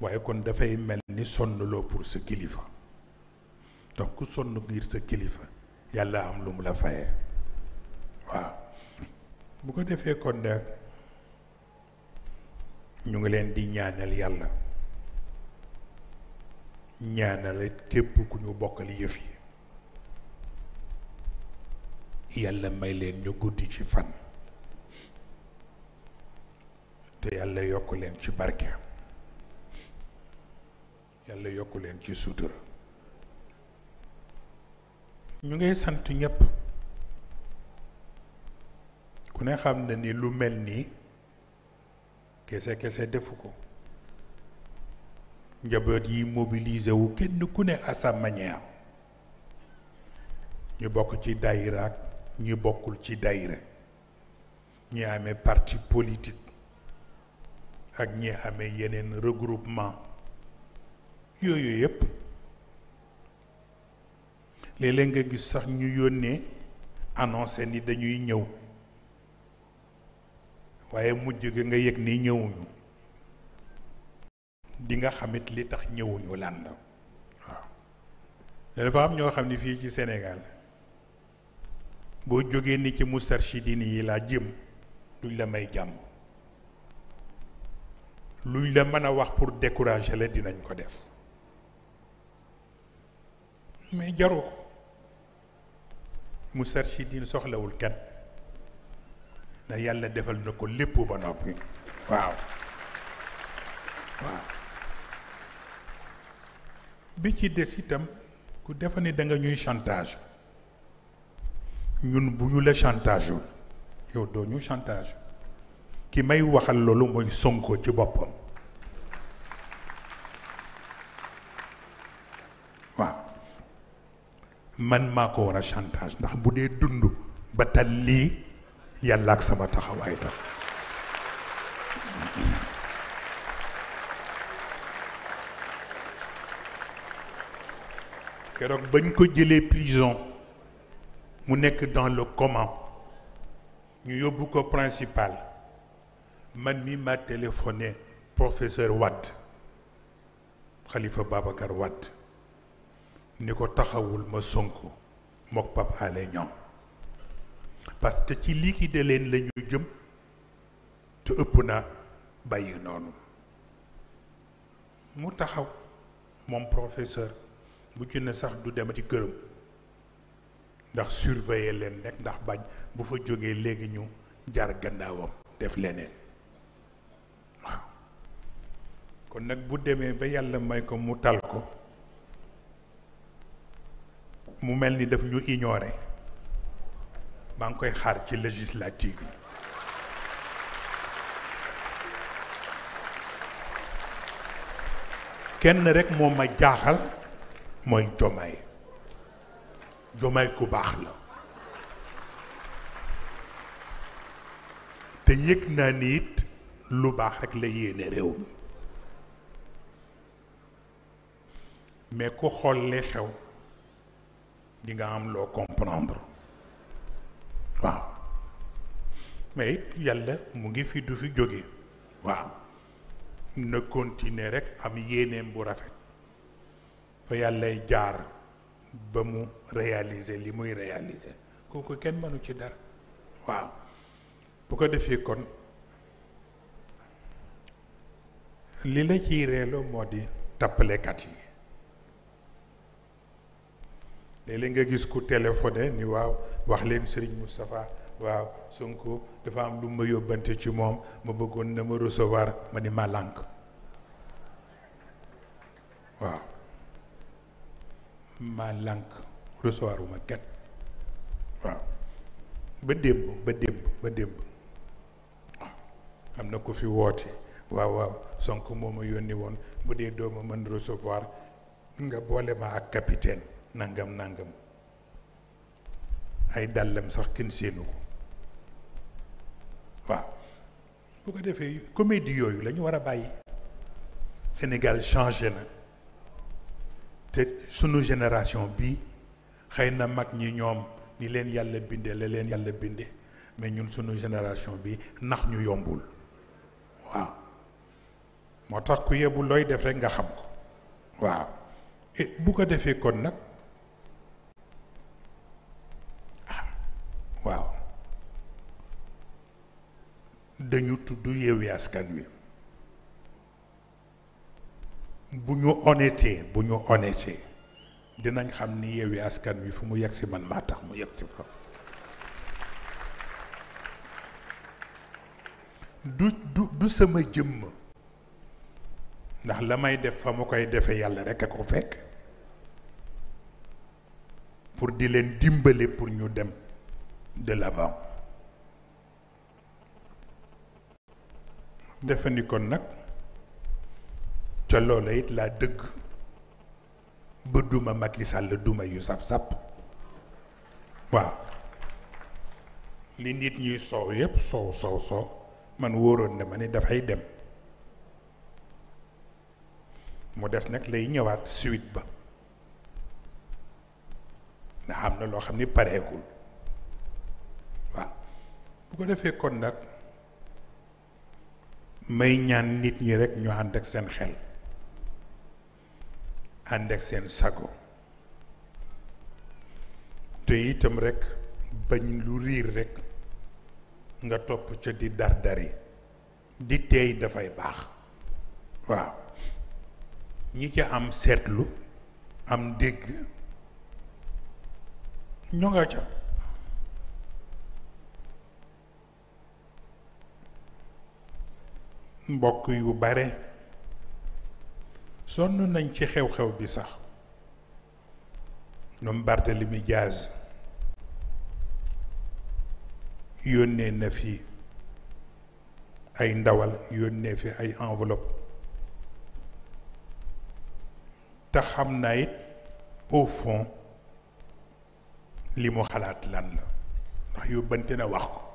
waaye kon dafay mel ni sonnloo pour sa kilifa donc ku sonn ngir sa kilifa yàlla am lu mu la fayee waaw bu ko defee kon nag ñu ngi leen di ñaanal yàlla ñaanal képp ku ñu bokkal yëf yi yàlla may leen ñu guddi ci fan te yàlla yokk leen ci barke yàlla yokk leen ci sutura ñu ngay sant ñëpp ku ne xam na ni lu mel nii kese kese defu ko njaboot yi mobilisé wu kenn ku ne à sa ñu bokk ci dayra ak ñu bokkul ci dayra ñi amee parti politique ak ñi amee yeneen regroupement yooyu yëpp léeg nga gis sax ñu yónnee annoncé ni dañuy ñëw waaye mujj gi nga yëg ni ñëwuñu di nga xamit li tax ñëwuñu lan la waaw dafa am ñoo xam ne fii ci Sénégal boo jógee ni ci Moustarchidine yi laa jëm duñ la may jàmm luñ la mën a wax pour décourager la dinañ ko def mais jaru ko Moustarchidine soxlawul kenn ndax yàlla defal na ko lépp ba noppi waaw waaw bi ci des itam ku defa ne da ñuy chantage ñun bu ñu la chantage yow doo ñu chantage ki may waxal loolu mooy sonkoo ci boppam man maa ko war a chantage ndax bu dee dund ba tal lii yàlla ak sama taxawaay tax keroog bañ ko jëlee prison mu nekk dans le coma ñu yóbbu ko principal man mi ma téléphoné professeur Wade Khalifa Babacar Wade ni ko taxawul ma Sonko mook Pape Alé Niang parce que ci de leen lañu ñu jëm te ëpp naa bàyyi noonu mu taxaw moom professeur bu ci ne sax du dem ci këram ndax surveiller leen rek ndax bañ bu fa jógee léegi ñu jaar gannaawam def leneen waaw kon nag bu demee ba yàlla may ko mu tal ko mu mel ni daf ñu ignoré maa ngi koy xaar ci législative yi kenn rekk moo ma jaaxal mooy jomaay jomaay ku baax la te yëg naa ni lu baax rek la yéene réew mi mais ku xool li xew dinga nga am loo comprendre waaw mais yàlla mu ngi fi du fi jóge waaw na continuer rek am yéeneem bu rafet fa yàllay jaar ba mu réaliser li muy réaliser kooku kenn mënu ci dara waaw bu ko defee kon li la ciy reeloo moo di tappalekat yi léeg-léeg nga gis ku téléphoné ni waaw wax leen Serigne Moustapha waaw Sonko dafa am lu ma yóbbante ci moom ma bëggoon na ma recevoir ma ni ma lànk waaw ma lànk recevoir uma kat waaw ba démb ba démb ba démb am na ko fi woote waaw waaw Sonko moo ma yónni woon bu dee doo ma recevoir nga boole ma ak capitaine nangam nangam ay dàllam sax kenn séenu ko waaw bu ko defee comédie yooyu lañu war a bàyyi Sénégal changé na te sunu génération bi xëy na mag ñi ñoom ni leen yàlla bindee la leen yàlla bindee mais ñun sunu génération bi nax ñu yombul waaw moo tax ku yebu looy def rek nga xam ko waaw bu ko defee kon nag dañu tudd Yewwi Askan Wi bu ñu honnêté bu ñu honnêté dinañ xam ni Yewwi Askan Wi fu mu yegg si man maa tax mu yegg si fa du du sama jëmm ndax la may def fa mu koy defee yàlla rek a ko fekk pour di leen dimbale pour ñu dem de l'avant defe ni kon nag ca loola it laa dëgg ba duma Macky Sall duma yu saf-sap waaw li nit ñuy soow yépp soow soow soow man wóoroon na ma ni dafay dem mu des nag lay ñëwaat suite ba ndax am na loo xam ni pareegul waaw bu ko defee kon nag may ñaan nit ñi rek ñu ànd ak seen xel ànd ak seen sago te itam rekk bañ lu riir rek nga topp ca di dardari di teey dafay baax waaw ñi ca am seetlu am dégg ñoo nga ca mbokk yu bare sonn nañ ci xew-xew bi sax ñoom Barthélemy Diaz yónnee na fi ay ndawal yónnee fi ay enveloppe te xam naa it au fond li xalaat lan la ndax yóbbante na wax ko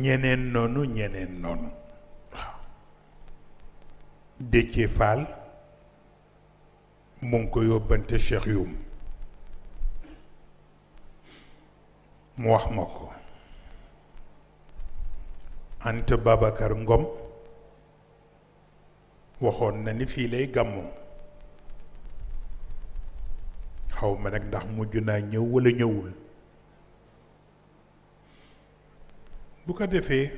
ñeneen noonu ñeneen noonu waaw Déthié Fall mu ko yóbbante Cheikh Youm mu wax ma ko Anta babakar Ngom waxoon na ni fii lay gàmmoo xaw ma nag ndax mujj naa ñëw walla ñëwul bu ko defee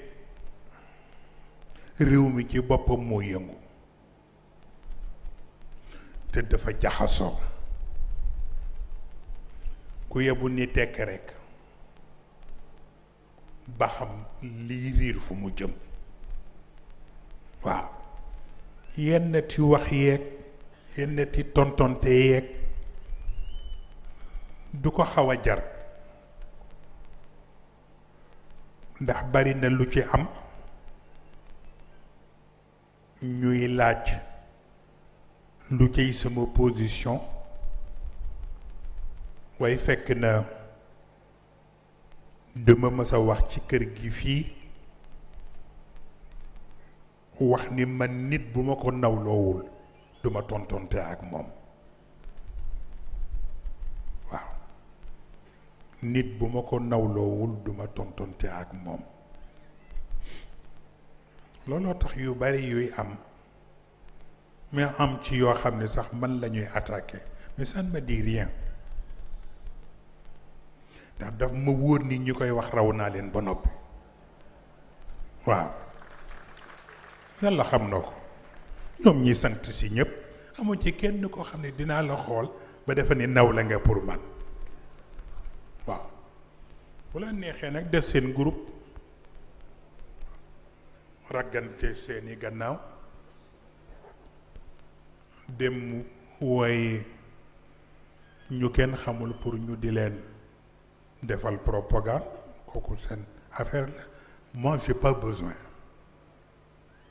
réew mi ci boppam moo yëngu te dafa jaxasoo ku yebu ni tekk rekk ba xam lii riir fu mu jëm waaw yenn ti wax yeeg yenn ti tontonte yeeg du ko xaw a jar ndax bari na lu ci am ñuy laaj lu ciy sama position way fekk na dama mës a wax ci kër gi fii wax ni man nit bu ma ko nawloowul duma tontonte ak moom nit bu ma ko nawloowul duma tontonte ak moom looloo tax yu bari yuy am mais am ci yoo xam ne sax man lañuy ñuy attaqué mais ça ne me rien ndax daf ma wóor ni ñi koy wax raw naa leen ba noppi waaw yàlla xam na ko ñoom ñi sant si ñëpp amu ci kenn koo xam ne dinaa la xool ba defa ne naw la nga pour man bu la neexee nag def seen groupe raggante seeni gannaaw dem wooye ñu kenn xamul pour ñu di leen defal propagande kooku seen affaire la moi j'ai pas besoin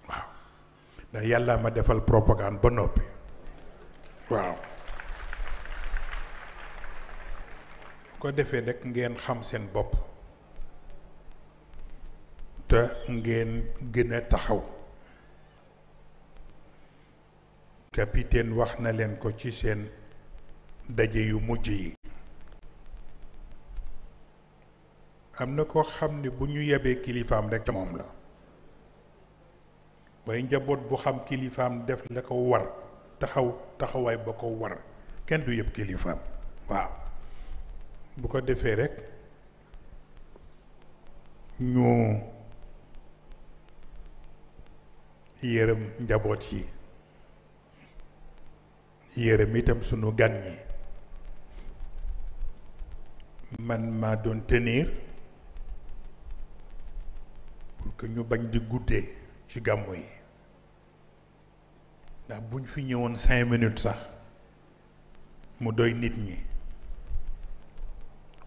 waaw ndax yàlla ma defal propagande ba noppi waaw ko defee rek ngeen xam seen bopp te ngeen gën taxaw capitaine wax na leen ko ci seen daje yu mujj yi am na ko xam ne bu ñu yebee kilifaam rek moom la waaye njaboot bu xam kilifaam def la ko war taxaw taxawaay ba ko war kenn du yëpp kilifaam waaw bu ko defee rekk ñu yërëm njaboot yi yërëm itam sunu gan ñi man maa doon tenir pour que ñu bañ di guddee ci gàmmu yi ndax buñ fi ñëwoon cinq minutes sax mu doy nit ñi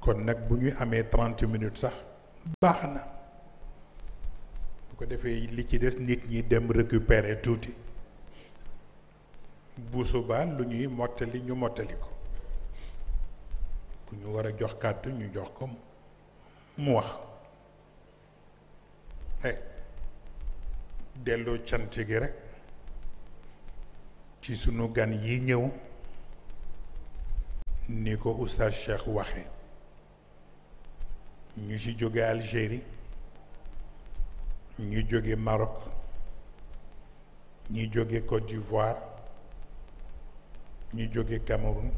kon nag bu ñu amee trente minutes sax baax na bu ko defee li ci des nit ñi dem récupérer tuuti bu subaa lu ñuy mottali ñu mottali ko bu ñu war a jox kàddu ñu jox ko mu wax hey delloo cant ci sunu gan yi ñëw ni ko oustaz Cheikh waxe ñu ci jóge Algérie ñu jóge marok ñu jóge Côte d'Ivoire ñu jóge Cameroun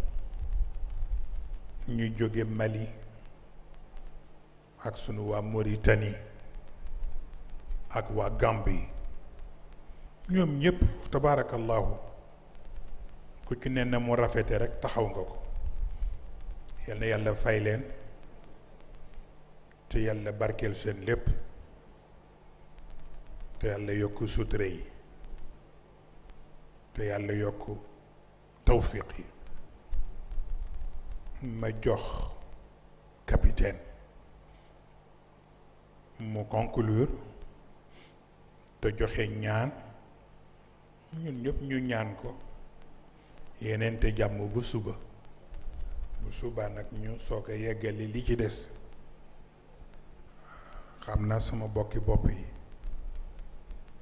ñu jóge Mali ak sunu waa Mauritanie ak waa Gambie ñoom ñëpp tabaarakallaahu ku ci ne na mu rafete rekk taxaw nga ko yal yàlla fay leen te yàlla barkeel seen lépp te yàlla yokk sutura yi te yàlla yokk tawfiq yi ma jox capitaine mu conclure te joxe ñaan ñun ñëpp ñu ñaan ko yeneen te jàmm bu suba bu suba nag ñu soog a yeggali li ci des am naa sama bokki bopp yi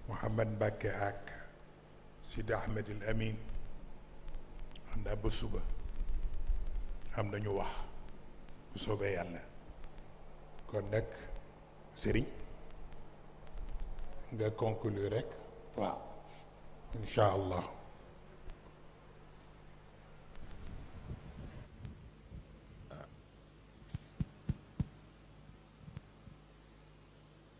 Mouhamad Mbacke ak Sidi Ahmedil Amin xam naa ba suba am nañu wax bu soobee yàlla kon nag sëriñ nga conclure rek waaw incha allah